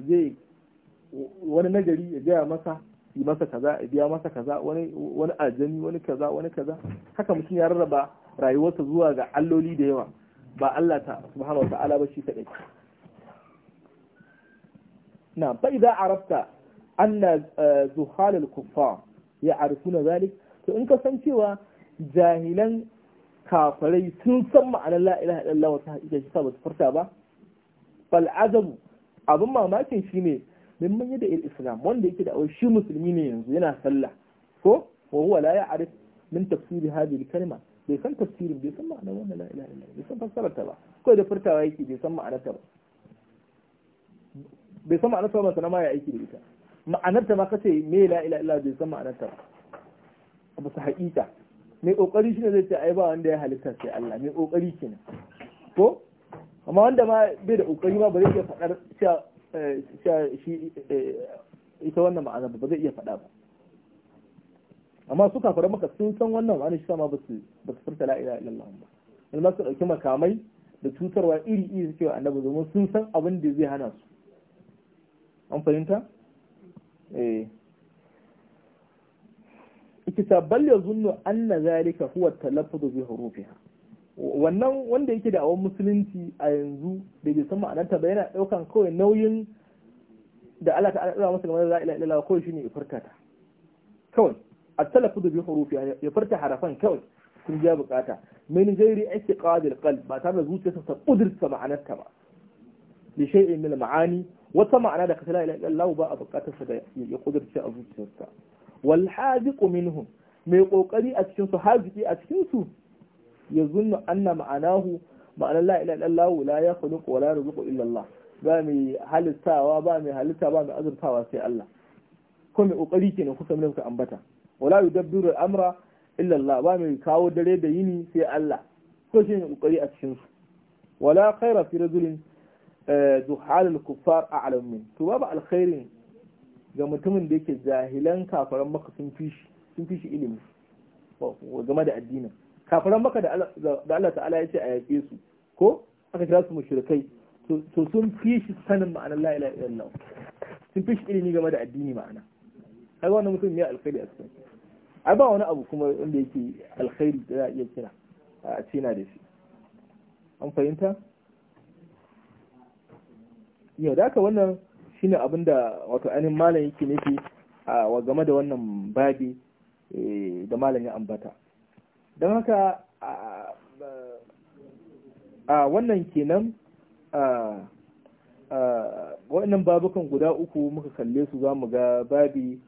zai wani nagari ya gaya masa yi masa kaza ya biya masa kaza wani wani wani kaza wani kaza haka mutum ya rarraba rayuwarsa zuwa ga alloli da yawa ba Allah ta subhanahu wata'ala ba shi Ina na fa idza arafta anna eh, zuhalul kuffar ya arfu na zalik to in ka san cewa jahilan kafirai sun san ma'anar la'ila da illallah wata hakika shi ba su farta ba fal azabu abin mamakin shi shine min man yada islam wanda yake da shi musulmi ne yanzu yana sallah ko wa huwa la ya'rif min tafsiri hadhihi kalma bai san tafsirin bai san ma'anar wannan la ilaha illallah bai san fassarar ta ba kai da furtawa yake bai san ma'anar ta ba bai san ma'anar ta ba sanama ya aiki da ita ma'anarta ma kace me la ila illa bai san ma'anarta ba abu su haƙiƙa mai ƙoƙari shine zai ce ai ba wanda ya halitta sai Allah mai ƙoƙari kenan ko amma wanda ma bai da ƙoƙari ma ba zai iya faɗar cewa eh, shi eh, ita wannan ma'anar ba zai iya faɗa ba amma su kafara maka sun san wannan ma'ana shi sama ba su ba su furta la ila illa Allah ba in ma su ɗauki makamai da cutarwa iri iri suke wa annabi domin sun san abin da zai hana su an fahimta Eh. Ikisa bal ya zunnu anna zalika huwa talaffuzu bi hurufiha wannan wanda yake da awon musulunci a yanzu da ke sun ma'anarta ba yana daukan kawai nauyin da Allah ta dora masa game da la ilaha illallah kawai ne ya furta ta kawai at da biyu hurufiha ya furta harafan kawai sun ja bukata min gairi ake qadir qalb ba tare da zuciyarsa ta kudurta ma'anarta ba li shay'in min ma'ani wata ma'ana da kasala ila Allah ba a bukatar sa da ya kudurce a zuciyarsa wal hadiqu minhum mai kokari a cikin su hadiki a cikin su yazunnu anna ma'anahu ma'ana la ila Allah la ya wa la yarzuqu illa Allah ba mai halittawa ba mai halitta ba mai azurtawa sai Allah ko mai kokari kenan kusa mun ka ambata wala yudabbiru al-amra illa Allah ba mai kawo dare da yini sai Allah ko shi ne kokari a cikin su wala khaira fi rajulin al kuffar a'lam min to babu alkhairin ga mutumin da yake jahilan kafaran maka sun fi shi sun fi shi ilimi game da addinin kafaran maka da Allah ta'ala ya ce a yaƙe su ko aka kira su mushrikai to sun fi shi sanin ma'anar la ilaha illallah sun fi shi ilimi game da addini ma'ana kaga wannan mutum ne alkhairi a cikin ai ba wani abu kuma wanda yake alkhairi da za a iya kira a cina da shi an fahimta yau da aka wannan ne abin da wato ainihin malam yake nufi a game da wannan babi eh, da malam ya ambata don haka a wannan kenan waɗannan babukan guda uku muka kalle su za mu ga babi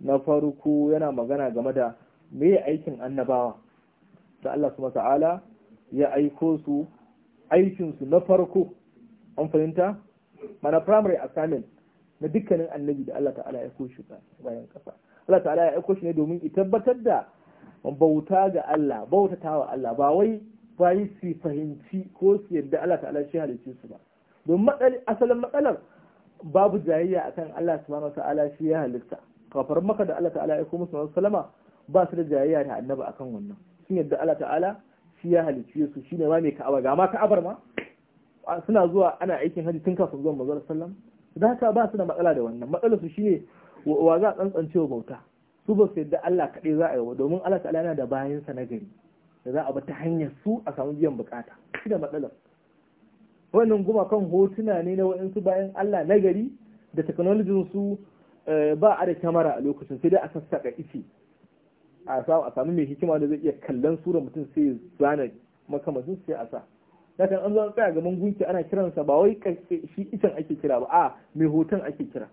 na farko yana magana game da me aikin annabawa da Allah su ta'ala ya aiko su aikinsu na farko an fahimta mana primary assignment na dukkanin annabi da Allah ta'ala ya koshi bayan kasa Allah ta'ala ya aiko ne domin ya tabbatar da bauta ga Allah bautatawa Allah ba wai bayi su fahimci ko su yadda Allah ta'ala shi halicci su ba don asalin matsalar babu jayayya akan Allah subhanahu wa ta'ala shi ya halitta kafar maka da Allah ta'ala ya aiko musu sallama ba su da jayayya da annaba akan wannan sun yadda Allah ta'ala shi ya halicci su shine ma mai ka'aba ga ma ka'abar ma suna zuwa ana aikin hajji tun kafin zuwan manzon sallam da haka ba su da matsala da wannan Matsala su shine wa za a tsantsancewa bauta su ba su yadda Allah kaɗai za a yi wa domin Allah ta'ala yana da bayan sa nagari da za a bi ta hanyar su a samu biyan bukata shi da matsala wannan kan hotuna ne na waɗansu bayan Allah nagari da teknolojin su eh, ba a da kyamara a lokacin sai dai a sassaƙa ice a samu mai hikima da zai iya kallon sura mutum sai ya zana makamashin sai a sa kan an zo tsaya gaban gunki ana kiransa ba wai shi itan ake kira ba a mai hoton ake kira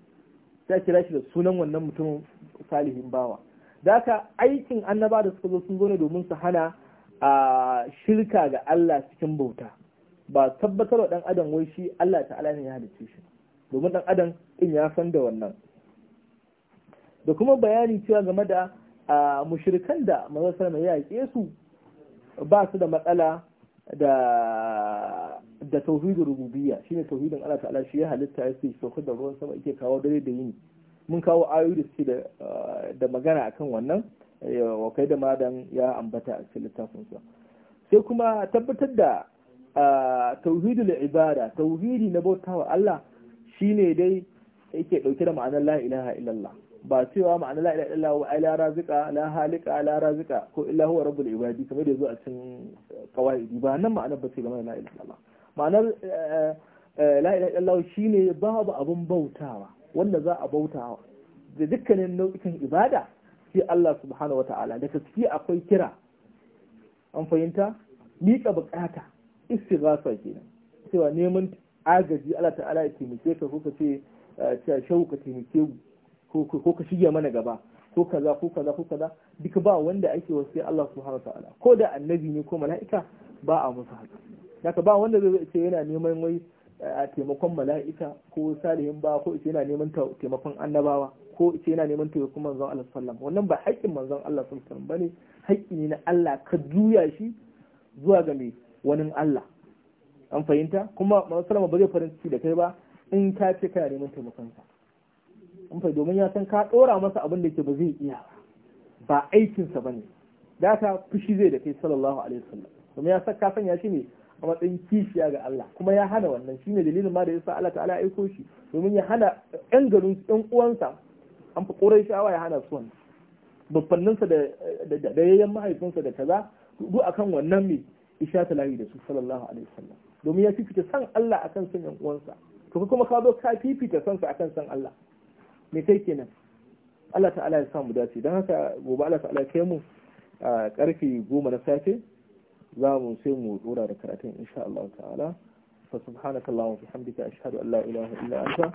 sai kira shi da sunan wannan mutumin salihin bawa da haka aikin annaba da suka zo sun zo ne domin su hana a shirka ga Allah cikin bauta ba tabbatar wa dan adam wai shi Allah ta'ala ne ya halicce shi domin dan adam din ya san da wannan da kuma bayani cewa game da mushrikan da manzon sallallahu ya yake su ba su da matsala da da tauhidin rububiyya shine tauhidin Allah ta'ala shi ya halitta ya ce saukar da ruwan sama yake kawo dare da yini mun kawo ayoyi da su da magana akan wannan eh, wa kai da madan ya ambata a cikin littafin sa sai kuma tabbatar da tauhidul ibada tauhidi na bautawa Allah shine dai yake dauke da ma'anar la ilaha illallah ba cewa ma'ana la ilaha illallah wa la razika la halika la razika ko illa huwa rabbul ibadi kamar da yazo a cikin eh, qawaidi ba nan ma'anar ba ce game da la ilaha illallah ma'anar eh, eh, la ilaha illallah shine babu abun bautawa wanda za a bautawa da dukkanin nau'ikan ibada sai Allah subhanahu wata'ala da ciki akwai kira an fahimta miƙa bukata istighasa kenan cewa neman agaji Allah ta'ala ya taimake ka ko ka ce cewa shauka taimake ko ka shige mana gaba ko kaza ko kaza ko kaza duk ba wanda ake wasu sai Allah subhanahu wataala ko da annabi ne ko mala'ika ba a musu haka haka ba wanda zai ce yana neman wai a taimakon mala'ika ko salihin ba ko ce yana neman taimakon annabawa ko ce yana neman taimakon manzon Allah sallallahu wannan ba haƙƙin manzon Allah sallallahu alaihi bane haƙƙi ne na Allah ka juya shi zuwa ga mai wani Allah an fahimta kuma manzon ba zai farin ciki da kai ba in ka ce kana neman taimakon sa in fa domin ya san ka ɗora masa abin da ke ba zai iya ba aikinsa ba ne da ta fushi zai da kai sallallahu alaihi wasallam domin ya saka ka sanya shi ne a matsayin kishiya ga Allah kuma ya hana wannan shine dalilin ma da yasa Allah ta'ala ya aiko shi domin ya hana ƴan garin ɗan uwansa an fi ƙorai shawa ya hana su wannan babbanninsa da da yayyan mahaifinsa da kaza duk akan wannan mai isha talahi da su sallallahu alaihi wasallam domin ya fifita san Allah akan san ƴan uwansa to kuma ka zo ka fifita san sa akan san Allah me kai kenan Allah ta'ala ya samu dace don haka gobe Allah ta'ala kai mu a karfe goma na safe za mu sai mu dora da karatun insha Allah ta'ala fa subhanaka allahumma bihamdika ashhadu an la ilaha illa anta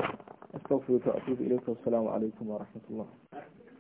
astaghfiruka wa atubu ilayka assalamu alaikum wa rahmatullah